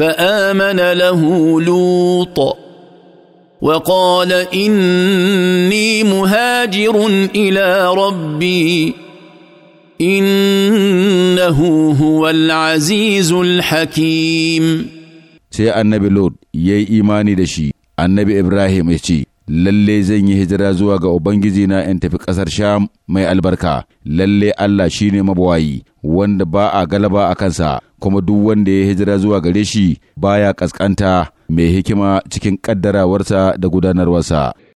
فامن له لوط وقال اني مهاجر الى ربي انه هو العزيز الحكيم سي النبي لوط ya ايماني دشي النبي ابراهيم annabi lalle zan yi hijira zuwa ga ubangiji na in tafi ƙasar Sham mai albarka, lalle Allah shi ne mabawayi, wanda ba a galaba a kansa, kuma duk wanda ya hijira zuwa gare shi baya ƙasƙanta mai hikima cikin ƙaddarawarsa da gudanarwarsa.